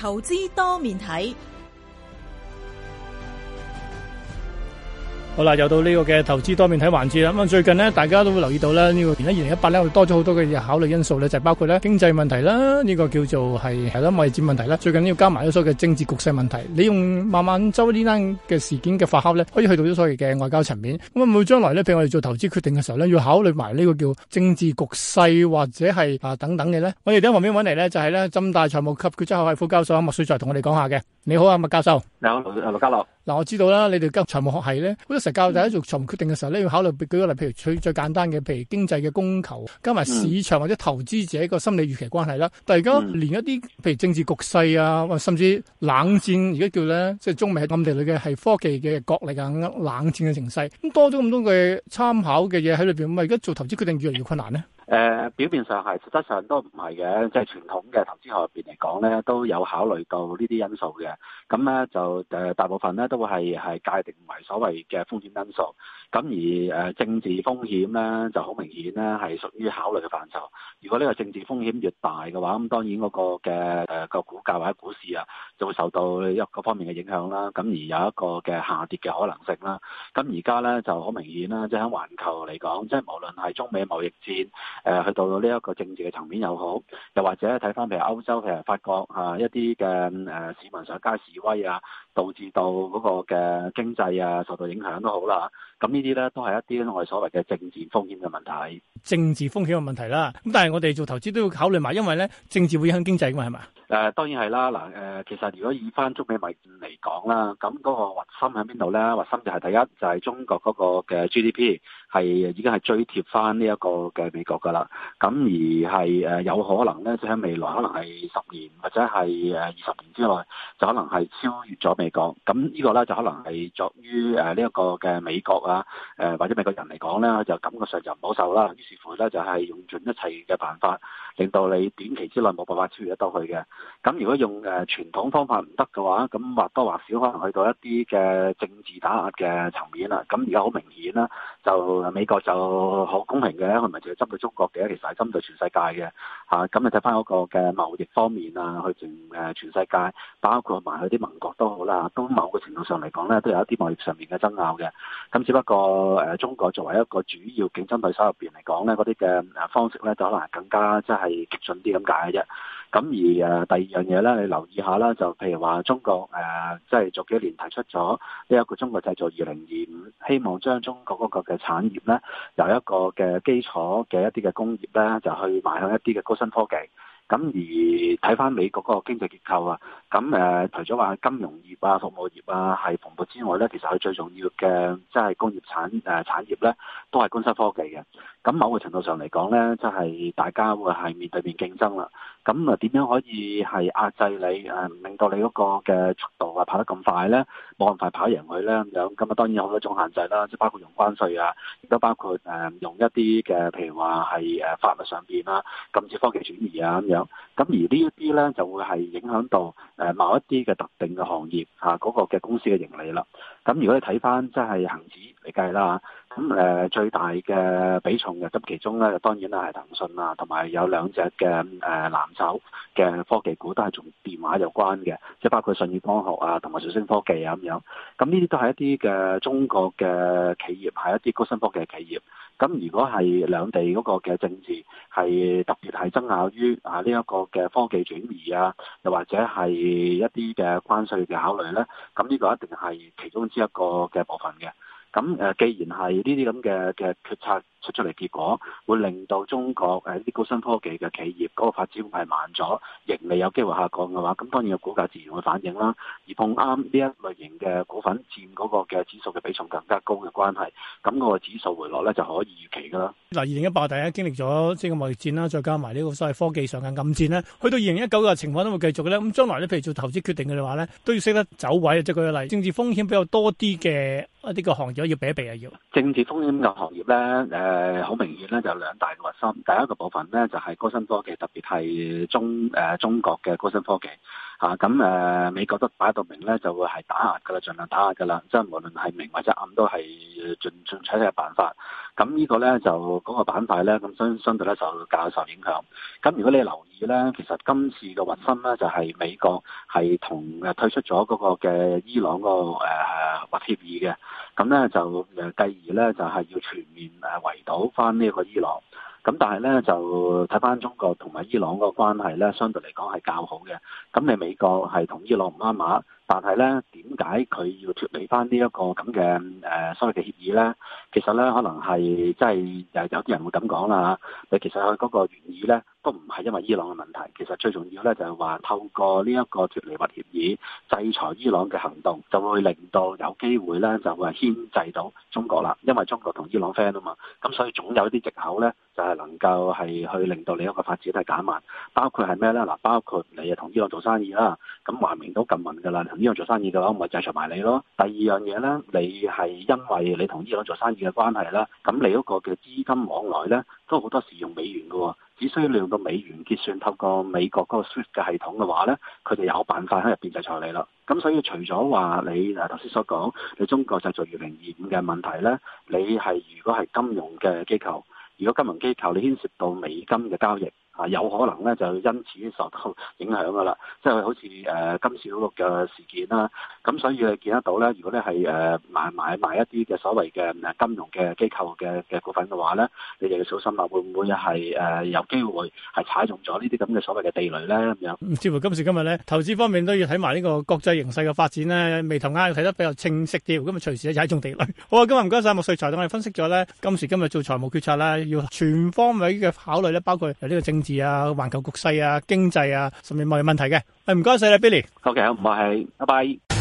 投資多面睇。好啦，又到呢個嘅投資多面睇環節啦。咁啊，最近咧，大家都會留意到啦，這個、2018呢個二零一八咧，會多咗好多嘅考慮因素咧，就是、包括咧經濟問題啦，呢、這個叫做係係啦，外戰問題啦。最近呢，要加埋咗所謂嘅政治局勢問題。你用孟晚舟呢單嘅事件嘅發酵咧，可以去到咗所謂嘅外交層面。咁啊，將來咧，譬如我哋做投資決定嘅時候咧，要考慮埋呢個叫政治局勢或者係啊等等嘅咧。我哋喺旁邊揾嚟咧，就係咧浸大財務及決策學系副教授麥萃才同我哋講下嘅。你好啊，麥教授。你好，劉劉家樂。嗱，我知道啦，你哋教財務學系咧，好多時教大家做財務決定嘅時候咧、嗯，要考慮，舉個例，譬如取最簡單嘅，譬如經濟嘅供求，加埋市場或者投資者個心理預期關係啦。但係而家連一啲、嗯、譬如政治局勢啊，甚至冷戰，而家叫咧即係中美暗地裏嘅係科技嘅角力啊、冷戰嘅形勢，咁多咗咁多嘅參考嘅嘢喺裏邊，咪而家做投資決定越嚟越困難咧？誒、呃，表面上係，實質上都唔係嘅，即係傳統嘅投資學入邊嚟講咧，都有考慮到呢啲因素嘅。咁咧就誒，大部分咧都會係係界定為所謂嘅風險因素。咁而誒政治風險咧就好明顯咧，係屬於考慮嘅範疇。如果呢個政治風險越大嘅話，咁當然嗰個嘅誒、嗰個股價或者股市啊，就會受到一個方面嘅影響啦，咁而有一個嘅下跌嘅可能性啦。咁而家咧就好明顯啦，即係喺環球嚟講，即係無論係中美嘅貿易戰，誒去到呢一個政治嘅層面又好，又或者睇返譬如歐洲譬如法國啊，一啲嘅誒市民上街示威啊，導致到嗰個嘅經濟啊受到影響都好啦。咁呢啲咧都係一啲我哋所謂嘅政治風險嘅問題。政治風險嘅問題啦，咁但係我哋做投資都要考慮埋，因為咧政治會影響經濟噶嘛，係咪？誒當然係啦，嗱、誒其實如果以返中美貿易嚟講啦，咁嗰個核心喺邊度咧？核心就係第一，就係、是、中國嗰個嘅 GDP。係已經係追貼翻呢一個嘅美國㗎啦，咁而係誒有可能咧，就喺未來可能係十年或者係誒二十年之內，就可能係超越咗美國。咁呢個咧就可能係作於誒呢一個嘅美國啊誒或者美國人嚟講咧，就感覺上就唔好受啦。於是乎咧就係用盡一切嘅辦法，令到你短期之內冇辦法超越得到佢嘅。咁如果用誒傳統方法唔得嘅話，咁或多或少可能去到一啲嘅政治打壓嘅層面啦。咁而家好明顯啦，就美國就好公平嘅，佢唔係淨係針對中國嘅，其實係針對全世界嘅嚇。咁你睇翻嗰個嘅貿易方面啊，去整全世界，包括埋佢啲盟國都好啦，都某個程度上嚟講咧，都有一啲貿易上面嘅爭拗嘅。咁只不過、啊、中國作為一個主要競爭對手入面嚟講咧，嗰啲嘅方式咧，就可能更加即係激進啲咁解嘅啫。咁而誒第二樣嘢咧，你留意下啦，就譬如話中國誒，即係最近幾年提出咗呢一個中國製造二零二五，希望將中國嗰個嘅產業咧，由一個嘅基礎嘅一啲嘅工業咧，就去邁向一啲嘅高新科技。咁而睇翻美國個經濟結構啊，咁誒除咗話金融業啊、服務業啊係蓬勃之外咧，其實佢最重要嘅即係工業產誒產業咧，都係高新科技嘅。咁某個程度上嚟講咧，即係大家會係面對面競爭啦。咁啊，點樣可以係壓制你誒、嗯，令到你嗰個嘅速度啊跑得咁快咧，冇辦法跑贏佢咧咁樣？咁啊，當然有好多種限制啦，即係包括用關稅啊，亦都包括、嗯、用一啲嘅，譬如話係法律上面啦、啊，禁止科技轉移啊咁樣。咁而呢一啲咧，就會係影響到誒某一啲嘅特定嘅行業嚇嗰、啊那個嘅公司嘅盈利啦。咁如果你睇翻即係恆指嚟計啦咁誒最大嘅比重嘅，咁其中咧當然啦，係騰訊啊，同埋有，有兩隻嘅誒藍籌嘅科技股都係同電話有關嘅，即係包括舜宇光學啊，同埋瑞聲科技啊咁樣。咁呢啲都係一啲嘅中國嘅企業，係一啲高新科技嘅企業。咁如果係兩地嗰個嘅政治係特別係爭拗於啊呢一個嘅科技轉移啊，又或者係一啲嘅關稅嘅考慮咧，咁呢個一定係其中之一個嘅部分嘅。咁誒，既然係呢啲咁嘅嘅決策，出出嚟結果會令到中國誒啲高新科技嘅企業嗰個發展係慢咗，盈利有機會下降嘅話，咁當然個股價自然會反映啦。而碰啱呢一類型嘅股份佔嗰個嘅指數嘅比重更加高嘅關係，咁個指數回落咧就可以預期㗎啦。嗱，二零一八年咧經歷咗即係個貿易戰啦，再加埋呢個所謂科技上嘅暗戰咧，去到二零一九嘅情況都會繼續嘅咧。咁將來咧，譬如做投資決定嘅話咧，都要識得走位啊！即係舉個例，政治風險比較多啲嘅一啲個行業要避一避啊！要政治風險嘅行業咧誒。誒、呃、好明顯咧，就有兩大核心，第一個部分咧就係、是、高新科技，特別係中誒、呃、中國嘅高新科技咁誒、啊呃、美國都擺到明咧，就會係打壓㗎喇，儘量打壓㗎喇，即、就、係、是、無論係明或者暗都係盡盡一切嘅辦法。咁呢個呢，就嗰個板塊呢，咁相相對呢，就較受影響。咁如果你留意呢，其實今次嘅核心呢，就係、是、美國係同誒退出咗嗰個嘅伊朗個誒、呃、核協議嘅。咁呢，就誒繼而呢，就係、是、要全面圍堵翻呢個伊朗。咁但係呢，就睇翻中國同埋伊朗個關係呢，相對嚟講係較好嘅。咁你美國係同伊朗唔啱碼。但係呢，點解佢要脫離返呢一個咁嘅誒所謂嘅協議呢？其實呢，可能係即係有啲人會咁講啦吓，你其實佢嗰個原意呢。都唔係因為伊朗嘅問題，其實最重要咧就係話透過呢一個脱離核協議制裁伊朗嘅行動，就會令到有機會咧就會牽制到中國啦。因為中國同伊朗 friend 啊嘛，咁所以總有一啲藉口咧就係能夠係去令到你一個發展都係減慢。包括係咩咧？嗱，包括你同伊朗做生意啦，咁華明都咁敏感噶啦，同伊朗做生意嘅話，我咪制裁埋你咯。第二樣嘢咧，你係因為你同伊朗做生意嘅關係啦，咁你嗰個嘅資金往來咧都好多時用美元嘅喎。只需要利用到美元結算，透過美國嗰個 SWIFT 嘅系統嘅話呢，佢就有辦法喺入邊制裁你啦。咁所以除咗話你嗱，頭先所講，你中國製造二零二五嘅問題呢，你係如果係金融嘅機構，如果金融機構你牽涉到美金嘅交易。啊，有可能咧就因此受到影響噶啦，即係好似誒孟晚舟嘅事件啦，咁所以你見得到咧，如果咧係誒買買買一啲嘅所謂嘅誒金融嘅機構嘅嘅股份嘅話咧，你哋要小心啦，會唔會係誒有機會係踩中咗呢啲咁嘅所謂嘅地雷咧咁樣？嗯，似乎今時今日咧，投資方面都要睇埋呢個國際形勢嘅發展咧，眉頭眼額睇得比較清晰啲，今日隨時踩中地雷。好啊，今日唔該曬麥萃才同我哋分析咗咧，今時今日做財務決策咧，要全方位嘅考慮咧，包括有呢個政。啊，環球局勢啊，經濟啊，甚至貿易問題嘅。嘅、啊，唔該晒啦，Billy。OK，唔該，拜拜。